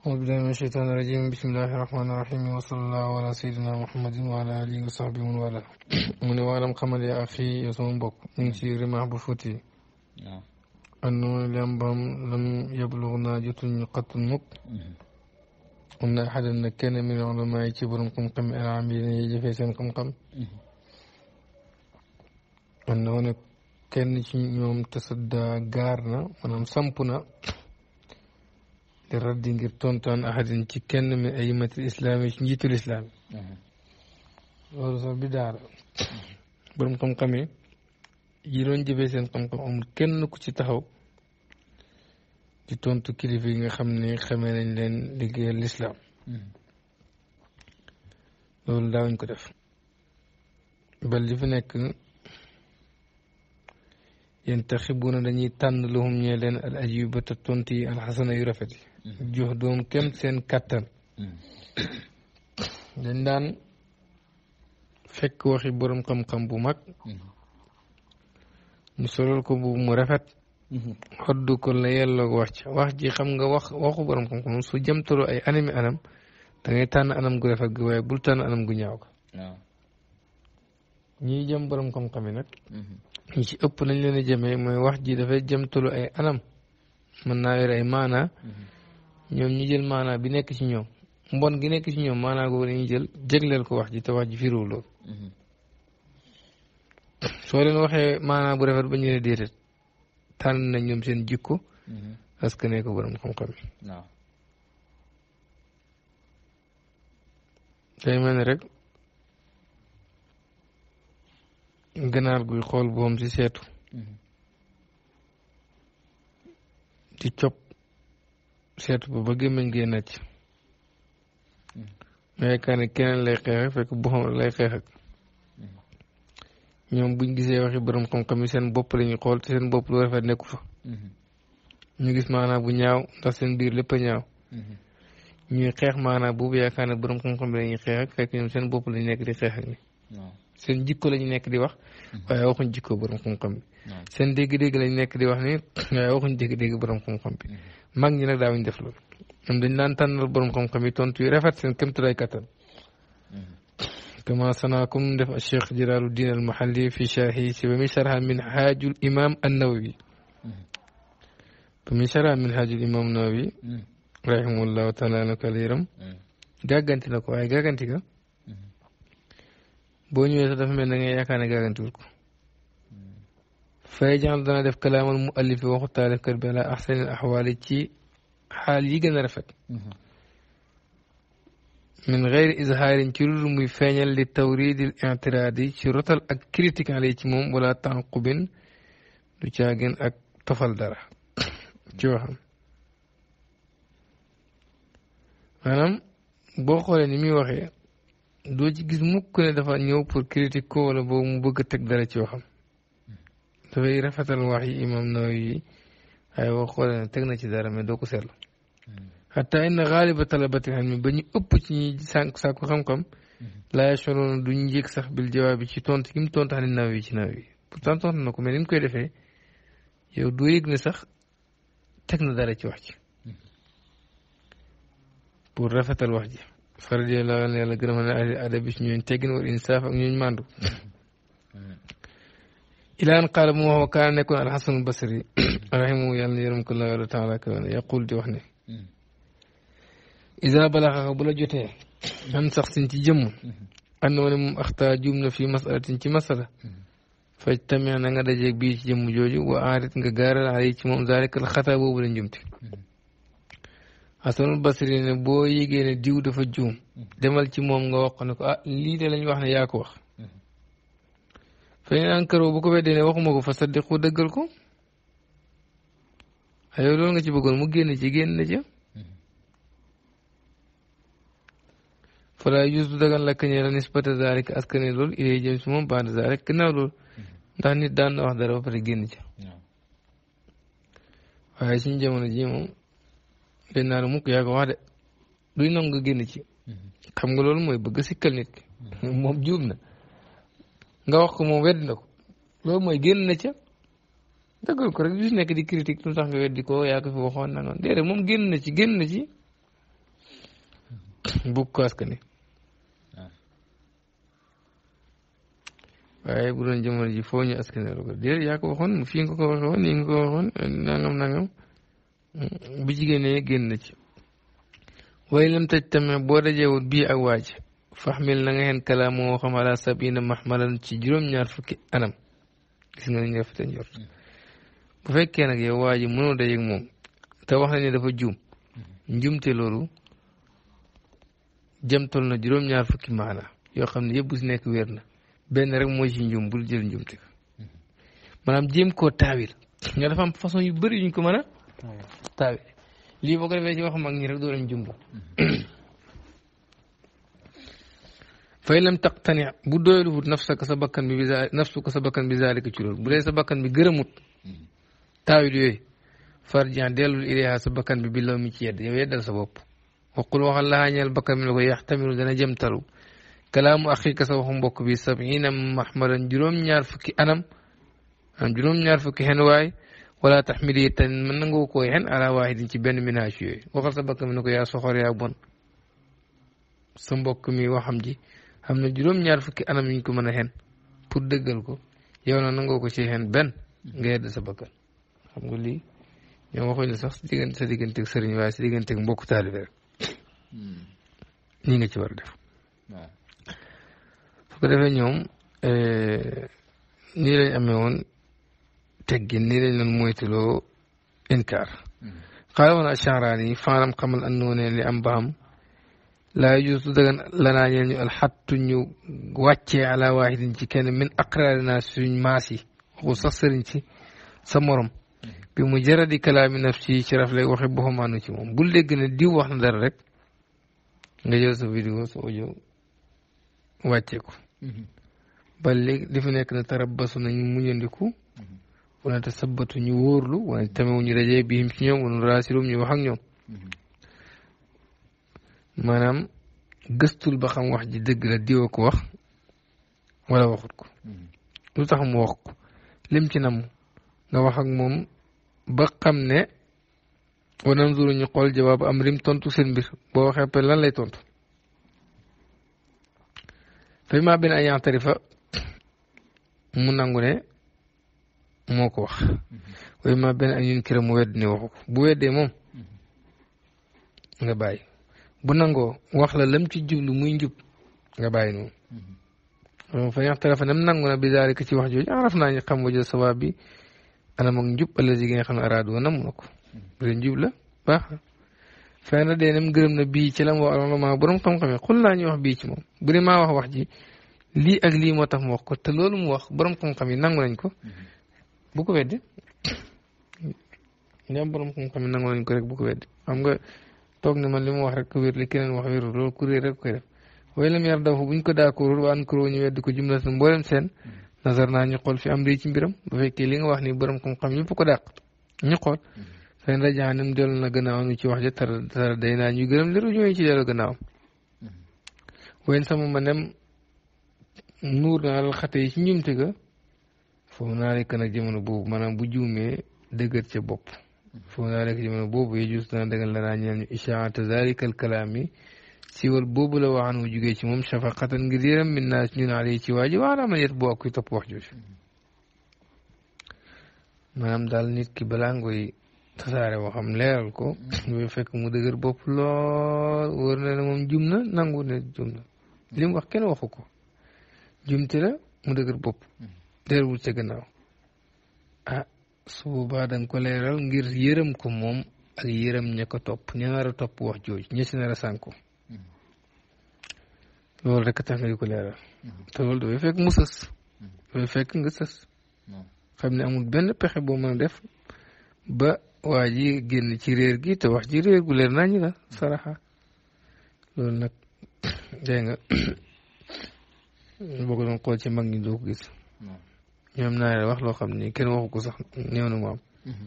أعوذ من الشيطان الرجيم بسم الله الرحمن الرحيم وصلى الله على سيدنا محمد وعلى آله وصحبه من والاه من والم قمل يا أخي يصوم بك من سير بفوتي نعم. أنه لم لم يبلغ ناجة قط مك أن أحد ان كان من العلماء كبر قم قم العاملين يجفي سن قم قم أنه كان يوم تصدى غارنا ونم سمبنا الرب دينجر تونتون أحد تكن من أئمة الإسلام جيت الإسلام لولو صار بدار برم قم قمي يرون جبه سين قم قم عمر كن نكو تتحو دي تونتو كيلي فيغا خمني خمينين لين لغي الإسلام لولو داوين كدف بل لفنك ينتخبون لني تان لهم يلين الأجيبة تونتي الحسنة يرفدي jox doom kem seen kattan mm-hmm. dañ daan fekk waxi boroom xam-xam bu mag mm-hmm. mu solol ko bu mu rafet mm-hmm. xoddu ko la yelloog wax ci wax ji xam nga wax waxu borom xam-xam su jëmtaloo ay anami anam da ngay tànn anam gu rafet gi waaye bul tànn anam gu ñaaw ko ñiy jëm borom xam-xam yi nag ci ëpp nañ leen a jëmee mooy wax ji dafay jëmtalu ay anam mën naa yor ay maanaa ñoom ñu jël maanaa bi nekk ci ñoom mbon gi nekk ci ñoom maanaa googu la ñuy jël jégleel ko wax ji te wax ji firiwul loolu mm-hmm. soo leen waxee maanaa bu rafet ba ñu ne déedéet tànn nañ ñoom seen jikko mm-hmm. parce que nee ko xam-xam yi tey ni rek ganaar guy xool boom si seetu ci mm-hmm. cop seet ko ba gémmiñ gee nàcc mm. nga yaakaar ne keneen lay mm. ñoom buñ gisee waxi borom xam-xam yi seen bopp lañu xool te seen bopp lu rafet nekku fa mm-hmm. ñu gis maanaam bu ñaaw ndax seen biir lépp a ñaaw mm-hmm. ñuy xeex maanaam boobu yaakaar ne borom xam-xam yi lañuy xeex fekk ñoom seen bopp lañu nekk di xeex ak sen jikko lañu nek di wax waye waxuñ jikko borom xum xam bi sen deg deg lañu nek di wax ni waaye waxun deg deg borom xum xam bi mag ñi da wuñ def loolu ñoom dañ nan tànnal borom xum xam bi tontu yu rafet sen seen kéemtalaay kattan كما صنعكم دفع الشيخ جلال الدين المحلي في شاهي شرحه بمن من حاج الإمام النووي بمن من حاج الإمام النووي رحمه الله تعالى كثيرا جاكنتي لك واي جاكنتي بونيو هذا في من عندنا كان يعاني طولك فيجان دنا ده في كلام المؤلف وقت تعرف كربلاء أحسن الأحوال تي حال يجنا رفق من غير إظهار كرر مفاجع للتوريد الاعتراضي شرط الكريتيك عليه تموم ولا تنقب لجاجن الطفل دره جوهم أنا بقول إني مي وخير doo ci gis mukk ne dafa ñëw pour critique ko wala boobu mu bëgg teg dara ci waxam dafay rafetal wax yi imam Nawawi waaye ne teg na ci dara mais doo ko seetlu xataa inna xaaliba talabati xam mi ba ñu ëpp ci ñi sànq sàkku xam-xam laa yashoroon duñ yëg sax bil jawaab bi ci tontu gi mu tontu xam ne Nawawi ci Nawawi pourtant na ku mais ni mu koy defee yow doo ne sax teg na dara ci wax ji pour rafetal wax ji faral yàlla na yàlla gërëm na adab bi ci ñooñ teggin wala insaaf ak ñooñ màndu ilaan qaala bu ma wax kaana nekkoon alxasan basri rahimahu yàlla na yërëm ko la taala kawana yaqul di wax ne isa balaxaxa bu la jotee an sax sin ci jëmm andoo ne moom axtaa juum na fii masalatin ci masala faj tamee na nga dajeeg bii ci jëmm jooju wa aarit nga gaaral ala ci moom zaalikal xataa boobu la njumte Hasanul Basri ne boo yégee ne diw dafa juum demal ci moom nga wax ne ko ah, lii de lañuy wax ne yaa ko wax fa in ankaroo bu ko weddee ne waxuma ko fa saddiqu dëggal ko ayoo loolu nga ci bëggoon mu génn ci génn na ca fala yus du dagan lakk ñee la nisbata zaalika askan ne loolu ilay jëm si moom baada zaalik gannaaw loolu ndax nit daan na wax dara ba pare génn ca waaye suñu jamono ji moom den naa mukk yaa ko wax de duñ nangu nga génn ci mm-hmm. xam nga loolu mooy bëgg a sikkal nit ki mm-hmm. moom juub nga wax ko moom wedd na ko loolu mooy génn na ca dëggal ko rek du si nekk di critique lu tax nga weddi ko yaa fi génn na ci génn ci mm-hmm. bug ko ah. doon jamono ji foo ñu askane waxoon nangam nangam bu jigéen ñi génn na ci way lam tëj tamit boo dajewut bii ak waaj faxmil na nga xen kalaam moo xam ala mahmalan ci juróom-ñaar fukki anam gis nga bu fekkee nag yow waa ji mënoo wax nañ ne dafa juum njumte loolu jëmtol na juróom-ñaar fukki maana yoo xam ne yëpp bu si nekk wér na benn rek mooy ci njuum bul jël njumte mm-hmm. maanaam jéem koo taawil nga dafa façon yu bëri yuñ ko mën taawi lii boo ko defee ci wax mag ñi rek doo leen jumbu fay lam taqtani bu doylu wut nafsaka sa bakkan bi bi nafsuka sa bakkan bi zalika ci bu dee sa bakkan bi gërëmut taawil yooyu farjan dellul ilayha sa bakkan bi bi law mi ci yedd yow yeddal sa bopp waqul waxal lahaa ñeel bakkan bi ne ko yaxtamilu dana jëmtalu kalaamu axiika sa waxu bi sabina mahmalan juróom-ñaar fukki anam am juróom-ñaar fukki xenwaay wala taxmili te mën nangoo koo xen ala waahidin ci benn ménage yooyu waxal sa bakk mi yaa soxor yaa bon sa mbokk mi waxam ji am na juróom-ñaar fukki anam yuñ ko mën a xen pour dëggal ko yow na nangoo ko ci xen benn nga yedd sa bakkan nga lii ñoom waxuñ la sax si diggante sa digganteeg sëriñ waaye si digganteeg mbokk taalibe nii nga ci war def su ko ñoom eh, nii lañ amee teggin nii lañ doon moytuloo inkaar xaala woon acharaani yi faalam xamal andoo ne li am ba am laa yajuse du dagan lanaa ñeel ñu alxattu ñu wàccee ala waahidin ci kenn min aqraarina suñ maas yi waxu sax sëriñ si sa morom bi mu jaradi kalaami nafsi ci raf lay waxe boxamaanu ci moom bul dégg ne diw wax na dara rek nga jël sa vidéo sa audio wàccee ko mm-hmm. ba léegi dafa nekk na tarabbasu nañ muñandiku wala te sabbatu ñu wóorlu wala tamewu ñu dajee biim ci ñoom wala raasirum ñu wax ak ñoom maanaam gëstul ba xam wax ji dëgg la diwa ko wax wala waxut ko lu tax mu wax ko lim ci nam nga wax ak moom ba xam ne wala nanzuru ñu xool jawaab am rim tontu seen mbir boo waxee pare lan lay tontu fa bi maa benn ay yantari fa mu nangu ne moo ko wax way ma benn ak yun këram mu wedd ni waxu bu weddee moom nga bàyyi bu nangoo wax la lam ci jublu muy njub nga bàyyi noonu moom fa yaxtarafa nam na bi daalika ci wax jooju araf naa ñu xam wajal sawaab bi anam ak njub allazi gi xam ne araadu la baax na fay na dee ci lam wax alama borom xam-xam yi xul naa ñuy wax bii ci moom bu dee maa wax wax ji lii ak lii moo tax mu wax ko te loolu mu wax borom xam-xam yi nangu nañ ko bu ko weddi ñi am borom xam-xam yi nangoo ko rek bu ko weddi xam nga toog ne ma li mu wax rek wér li keneen wax wérul loolu kuréel rek koy def buñ ko daakoorul waan kuroo ko jumla sa mboolem seen mm-hmm. naa ñu xool fi am rii ci mbiram bu fekkee li nga wax ni borom xam-xam yëpp ko dàq ñu xool seen mm-hmm. rajaanam dellu na gannaaw nu ci wax ja tara day naa ñuy gërëm liru ñooyu ci dellu gannaaw mm-hmm. wayn sama ma nem nuur na alal ci njumte foofu naa lekk nag jamono boobu maanaam bu juumee dëgër ca bopp foofu naa lekk jamono boobu ye jus dana dëggal la ràññeel ñu ishaata zalikal kalaam yi siiwal boobu la waxaan wu jugee ci moom shafaqatan ngir yëram min naa si ñun ali ci waa ji waala man yet boo ak kuy topp wax jooju maanaam daal nit ki balaa ngoy tasaare waxam leeral ko yooyu fekk mu dëgër bopp lool wóor na ne moom jum na nangu ne jum na li mu wax kenn waxu ko jumte la mu dëgër bopp delluwul ca gannaaw ah su boobaa da ko leeral ngir yërëm ko moom ak yërëm ña ko topp ña nar topp wax jooju ña si nar a sànku mm-hmm. loolu rek nga di ko leeral mm-hmm. te loolu fekk mu sës mm-hmm. dafay nga sës xam ne amul benn pexe boo mën def ba waa ji génn ci réer gi te wax ji réer gu leer nañu la saraxa loolu nag dégg nga boo ko doon ci mag ñi doo gis ñoom naa leen wax loo xam ni kenn waxu ko sax néew na mu am. Mhm.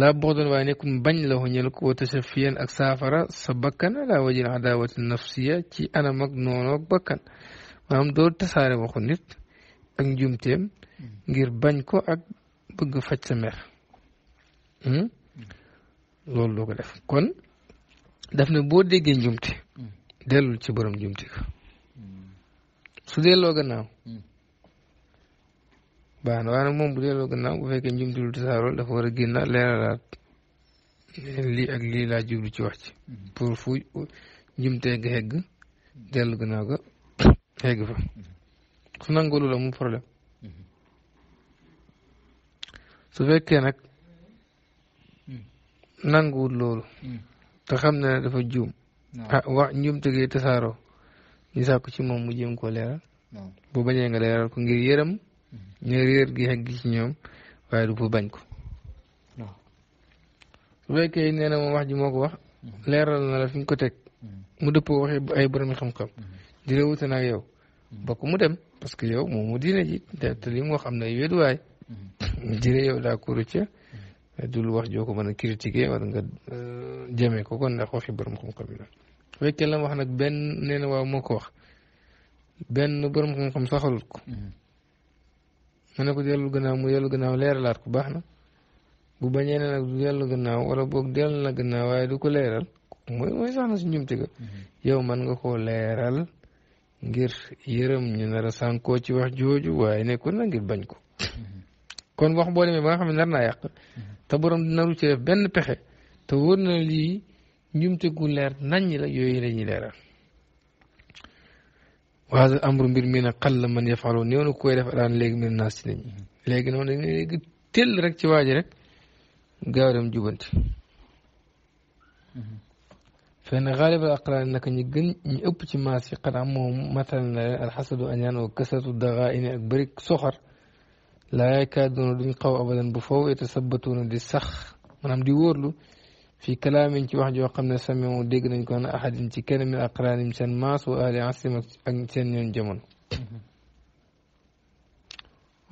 laa boodoon waaye nekkul bañ la waxuñal ko tachafiyan ak saafara sa bakkan laa wajin adawati nafsiya ci anam ak noonu ak bakkan maanaam doo tasaare waxu nit ak njumteem mhm. ngir bañ ko ak bëgg faj sa mer hmm? mhm. loolu doo def kon daf ne boo déggee njumte dellul ci borom njumte ko su delloo gannaaw baax na waaye nag moom bu delloo gannaaw bu fekkee njumti lu tasaaroo dafa war a génnaat leeralaat lii ak lii laa jublu ci wax ci mm-hmm. pour fu njumtee ga xegg dellu gannaaw ga xegg fa su mm-hmm. nangoo loolu amul problème mm-hmm. su fekkee nag nanguwul loolu te xam ne dafa juum ah wax njumte gi tasaaroo ñu sàkk ci moom mu jéem koo leeral bu bañee nga leeral ko ngir yërëm ñu réer gi xegg ci ñoom waaye du ko bañ ko waaw su nee na moom wax ji moo ko wax leeral na la fi ñu ko teg mm-hmm. mu dëppoo waxee ay borom xam-xam mm-hmm. di la wute naag yow mm-hmm. bokk mu dem parce que yow moom mu diine ji te li mu wax am na ay wéduwaay jëree yow daa kuru ca dul wax joo ko mën a critiquer wala nga euh, jëmee ko kon ndax waxi borom xam-xam yi la wax nag benn nee na waaw ko mu ne ko dellu gannaaw mu dellu gannaaw leeralaat ko baax na bu bañee ne nag du dellu gannaaw wala boog dellu na gannaaw waaye du ko leeral mooy mooy sax na su njumte mm-hmm. yow man nga koo leeral ngir yërëm ñu na a sànkoo ci wax jooju waaye nekkul na ngir bañ ko mm-hmm. kon wax boo demee ba nga xam ne nar naa yàq mm-hmm. te borom naru ci def benn pexe te wóor na lii njumte gu leer naññ la yooyu la ñuy leeral wa hada amru mbir mi ne xal la man yafaloo néew na koy def alaan léegi min naas ci nit ñi léegi noonu dañ léegi tëll rek ci waaji rek gaaw dem jubanti fenn xaalib al aqraan naka ñi gën ñi ëpp ci maas yi xanaa moom matal na leen alxasadu añaan wa kasatu daxaa ini ak bëri soxar laa yaakaar doona duñ xaw abadan bu faw ete sabatuuna di sax maanaam di wóorlu fi kalaamin ci wax joo xam ne samiu dégg nañ ko an ahadin ci kenn min aqraanim seen maas wa ahli seen ñoon jamono mm-hmm.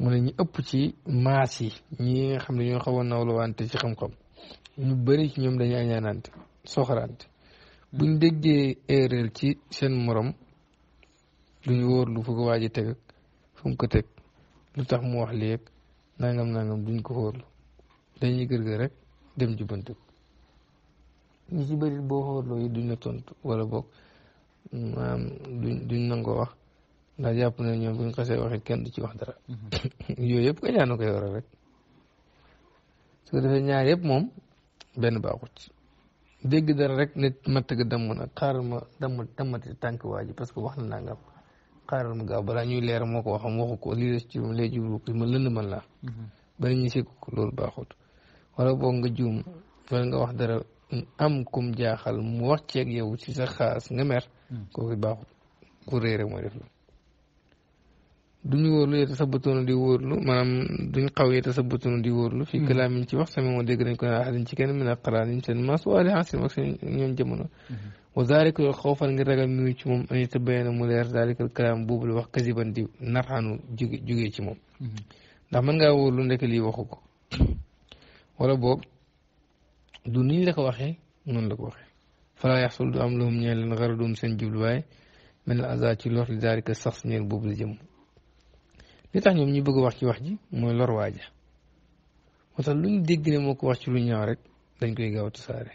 mu ñu ëpp ci maas yi ñi nga xam ne ñoo xawoon naw wante ci xam-xam ñu bëri ci ñoom dañu añaanante soxaraante mm-hmm. buñ déggee erreur ci seen morom duñu wóor lu fu ko waaji teg ak fu mu ko teg lu tax mu wax léeg nangam nangam duñ ko wóorlu dañuy gërgër rek dem jubantu ñu ci bëri boo xooloo yi duñ la tontu wala boog maanaam duñ duñ nangoo wax ndax jàpp na ñoom buñ xasee waxit kenn du ci wax dara mm-hmm. yooyu yëpp ka ñaanu koy waral rek su defee ñaar yëpp moom benn baaxut ci dara rek nit matt ga damm na xaaral ma damm dammati tànk waa ji parce que wax na nangam xaaral ma gaaw balaa ñuy leer moo ko waxam waxu ko lii des ci ma lënd man laa mm-hmm. bari ñu sikk ko loolu baaxut wala boog nga juum wala nga wax dara am kum jaaxal mu wax ceeg yow ci sa xaas nga mer hmm. kooku baaxut ku réere mooy def la duñu wóorlu yeta sa batoona di wóorlu maanaam duñ xaw yeta sa batoona di wóorlu fii kalaamin hmm. ci wax sami dégg nañ ko ne ci kenn min aqraanim seen maas waali asin ak seen ñoom jamono hmm. wa zaalika loolu xawfan ngir ragal minu ci moom ani ta bayana mu leer zaalikal kalaam boobu la wax kasiban di narxaanu jóge jógee ci moom ndax man ngaa wóorlu ndekk lii waxu ko wala boobu du niñ la ko waxé non la ko waxé fala yahsul du am lahum ñeel leen xaradum seen jubluwaay way min aza ci lor li daalika sax ñeel boobu la jëm li tax ñom ñu bëgg wax ci wax ji moy lor waaja wata luñ dégg ne moko wax ci lu ñaw rek dañ koy gaw tu saare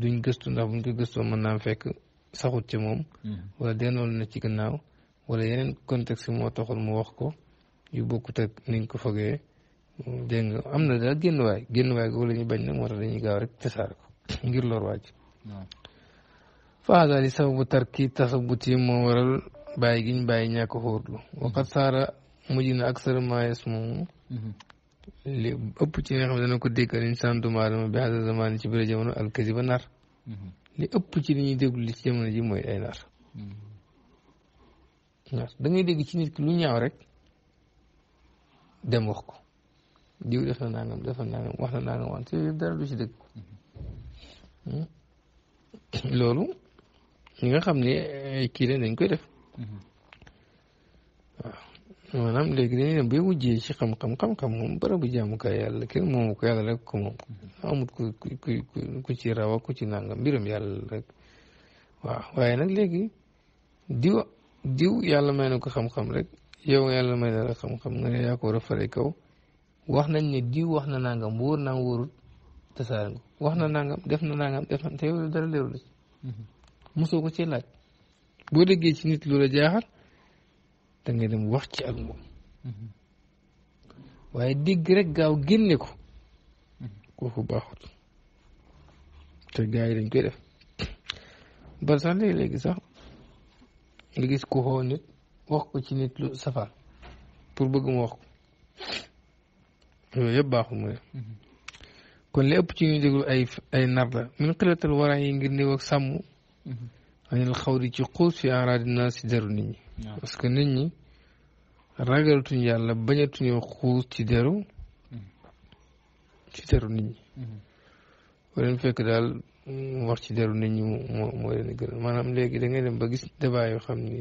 duñ gëstu ndax buñ ko gëstoo man na fekk saxut ci mom wala denol na ci gannaaw wala yeneen contexte mo taxul mu wax ko yu bokut ak niñ ko fogee dégg nga am na daal génn waay génn waay googu la bañ nag moo tax dañuy gaaw rek tasaare ko ngir lor waaj faadaali sababu tarki tasabuti moo waral bàyyi giñ bàyyi ñàkk xóorlu waxat saara mujj na ak sarmaes moom li ëpp ci nga xam dana ko déggal insaan dumaadama bi xasa zamani ci biir jamono alkasi ba nar mhm. li ëpp ci li ñuy li ci jamono ji mooy ay nar mhm. nar da ngay dégg ci nit lu ñaaw rek dem wax ko diw def na nangam def nangam wax na nangam wante yëpp dara du ci dëgg hmm? loolu ñi nga xam ne ay eh, kii lañ dañ koy def waaw maanaam léegi dañuy dem ba wujjee ci xam-xam xam yàlla kenn moomu ko yàlla ci rawa ku ci nangam mbiram yàlla nag léegi diw diw yàlla may na ko xam-xam rek yow yàlla may na la xam-xam nga ne yaa ko fare kaw wax nañ ne diw wax na nangam wóor naa wóorut tasaare wax na nangam def na nangam def na te dara leerul la mm-hmm. mosoo ko cee laaj boo déggee ci nit lu la jaaxal da dem wax ci ak moom mm-hmm. dégg rek gaaw génne ko mm-hmm. kooku baaxut te gars yi dañ koy def bari sax léegi-léegi sax nga gis ku xoo wax ko ci nit lu safar pour bëgg mu wax ko yooyu yëpp baaxul mu mm-hmm. kon li ci ñuy déglu ay nar la min xilatal wara yi ngir néew ak sàmm mm-hmm. anil xaw di ci xuus fi enradi naa si deru nit ñi parce que nit ñi ragalatuñ yàlla bañatuñoo xuus ci deru mm-hmm. ci deru nit ñi waleen fekk daal wax ci deru nit ñi moo moo leen gën maanaam léegi da ngay dem ba gis débat yoo xam ni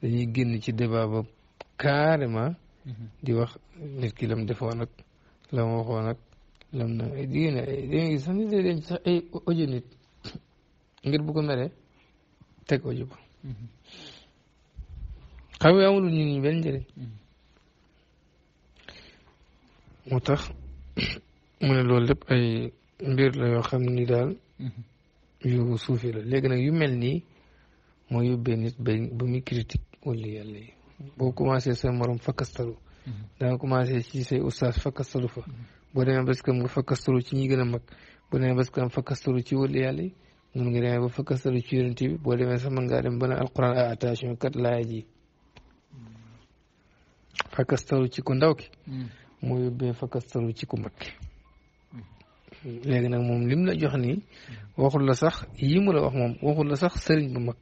dañuy génn ci débat ba carrément di wax nit ki lam defoon ak lam waxoon ak lam na di ne dina sax nit day denc sax ay audio nit ngir bu meree teg audio ba mm-hmm. xam nga amul nit ñi benn njëriñ mm-hmm. moo tax mu ne loolu lépp ay mbir la yoo xam ni daal mm-hmm. yu suufi la léegi nag yu mel nii moo yóbbee nit ba ba muy critique wala yàlla yi boo commencé sa morom fakkastalu mm-hmm. da nga commencé ci say ustaas fakkastalu fa mm-hmm. boo demee bés kam nga fakkastalu ci ñi gën a mag boo demee bés kam fakkastalu ci wëlli yàlla yi mun nga demee ba fakkastalu ci yonent bi boo demee sax mën ngaa dem ba ne a ah, attention kat laaya ji mm-hmm. fakkastalu ci ku ndaw ki moo yóbbee fakkastalu ci ku mag léegi nag moom lim la jox nii waxul la sax yi mu la wax moom waxul la sax sëriñ bu mag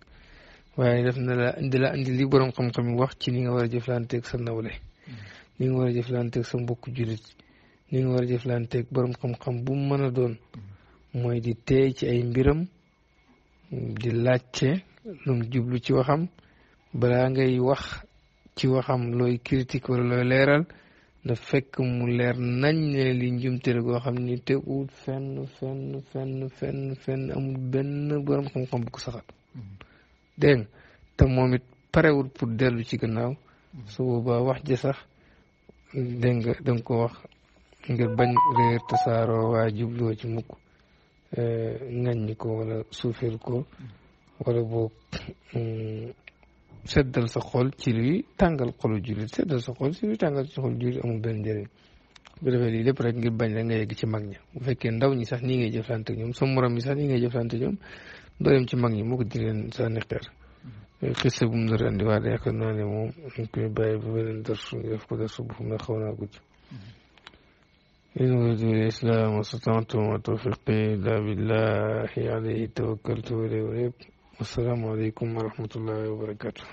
waaye def na la indila la indi li borom xam-xam yi wax ci ni nga war a jëflanteeg sa nawle ni nga war a jëflanteeg sa mbokku jullit ni nga war a jëflanteeg borom xam-xam bu mu mën a doon mooy di teey ci ay mbiram di laajte lu jublu ci waxam balaa ngay wax ci waxam looy critique wala looy leeral na fekk mu leer nañ ne li njumtere goo xam ni teguwul fenn fenn fenn fenn fenn amul benn borom xam-xam bu saxal mm-hmm. te moom it parewul pour dellu ci gannaaw mm-hmm. su boobaa wax ji sax dégg nga da ko wax ngir bañ réer tasaaroo waa jubloo ci mukk ngaññi eh, ko wala suufeel ko mm-hmm. wala boo mm, seddal sa xol ci luy tàngal xolu jullit seddal sa xol ci luy tàngal ci xolu jullit amul benn njëriñ bu defee lii lépp rek ngir bañ rek nga yegg ci mag ña bu fekkee ndaw ñi sax nii ngay jëflante ñoom sa morom yi sax nii ngay jëflante ñoom doo ci mag ñi moo ko di leen sànni xisa bu mu nar a andiwaat yaakaar naa ne moom dañ koy bàyyi ba beneen darsu ñu def ko darsu bu xam ne xaw naa gudd إن أريد الإسلام واستطعت وما توفيقي إلا بالله عليه توكلت وإليه أنيب والسلام عليكم ورحمة الله وبركاته